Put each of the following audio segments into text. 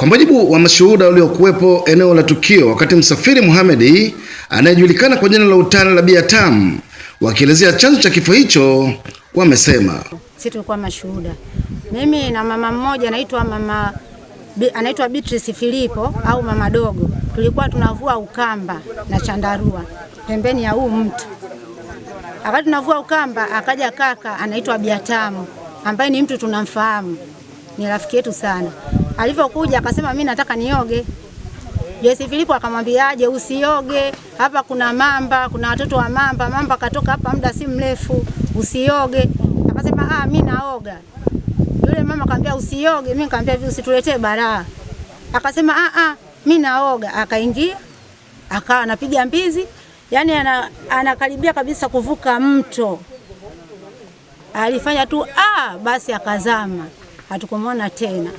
Kwa mujibu wa mashuhuda waliokuwepo eneo la tukio, wakati Msafiri muhamedi anayejulikana kwa jina la utani la Bia wakielezea chanzo cha kifo hicho, wamesema sisi tulikuwa mashuhuda, mimi na mama mmoja anaitwa mama anaitwa Beatrice Filipo au mama dogo, tulikuwa tunavua ukamba na chandarua pembeni ya huu mtu. Akati tunavua ukamba, akaja kaka anaitwa Bia ambaye ni mtu tunamfahamu, ni rafiki yetu sana Alivyokuja akasema mimi nataka nioge. Joyce Filipo akamwambiaje, usioge hapa, kuna mamba, kuna watoto wa mamba, mamba katoka hapa muda si mrefu, usioge. Akasema ah, mimi naoga. Yule mama akamwambia usioge, mimi nikamwambia hivi, usituletee baraa. Akasema ah ah, mimi naoga. Akaingia akawa anapiga mbizi, yani anakaribia kabisa kuvuka mto, alifanya tu ah, basi akazama, hatukumwona tena.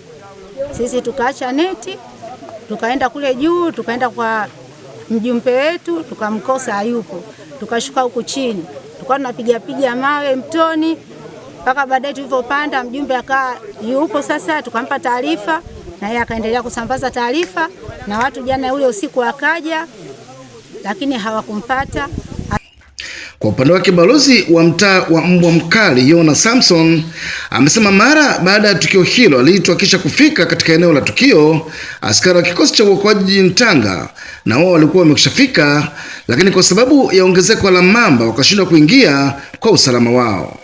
Sisi tukaacha neti tukaenda kule juu, tukaenda kwa mjumbe wetu tukamkosa, hayupo. Tukashuka huku chini, tukawa tunapiga piga mawe mtoni mpaka baadaye tulivyopanda, mjumbe akaa yupo sasa, tukampa taarifa na yeye akaendelea kusambaza taarifa, na watu jana ule usiku akaja, lakini hawakumpata. Kwa upande wake balozi wa mtaa wa Mbwa Mkali Yona Samson amesema mara baada ya tukio hilo aliitwa kisha kufika katika eneo la tukio, askari wa kikosi cha uokoaji jijini Tanga na wao walikuwa wamekushafika, lakini kwa sababu ya ongezeko la mamba wakashindwa kuingia kwa usalama wao.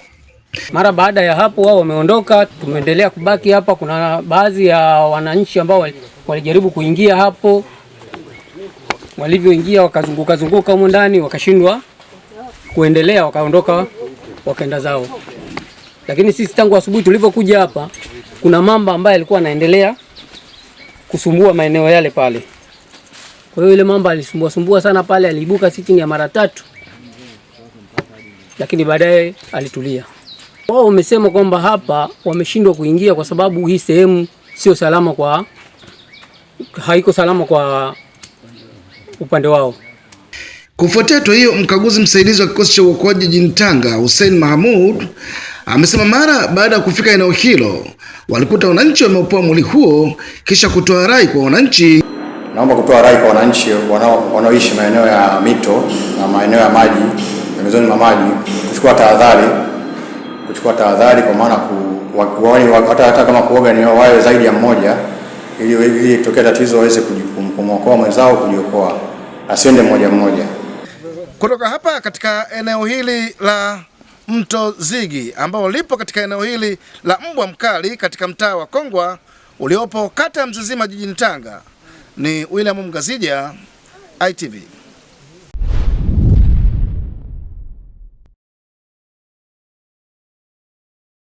Mara baada ya hapo wao wameondoka, tumeendelea kubaki hapa. Kuna baadhi ya wananchi ambao walijaribu kuingia hapo, walivyoingia wakazunguka zunguka humo ndani wakashindwa kuendelea, wakaondoka wakaenda zao. Lakini sisi tangu asubuhi tulivyokuja hapa, kuna mamba ambaye alikuwa anaendelea kusumbua maeneo yale pale. Kwa hiyo yule mamba alisumbua sumbua sana pale, aliibuka si chini ya mara tatu, lakini baadaye alitulia. Wao wamesema kwamba hapa wameshindwa kuingia kwa sababu hii sehemu sio salama kwa, haiko salama kwa upande wao. Kufuatia hatua hiyo, mkaguzi msaidizi wa kikosi cha uokoaji jijini Tanga Hussein Mahmud amesema mara baada ya kufika eneo hilo walikuta wananchi wameopoa mwili huo, kisha kutoa rai kwa wananchi. Naomba kutoa rai kwa wananchi wanaoishi maeneo ya mito na maeneo ya maji pembezoni mwa maji kuchukua tahadhari, kuchukua tahadhari kwa maana hata kama kuoga ni wawe zaidi ya mmoja, ili tokea tatizo waweze kumwokoa mwenzao, kujiokoa, asiende mmoja mmoja kutoka hapa katika eneo hili la mto Zigi ambao lipo katika eneo hili la Mbwa Mkali katika mtaa wa Kongwa uliopo kata ya Mzizima jijini Tanga. Ni William Mgazija, ITV.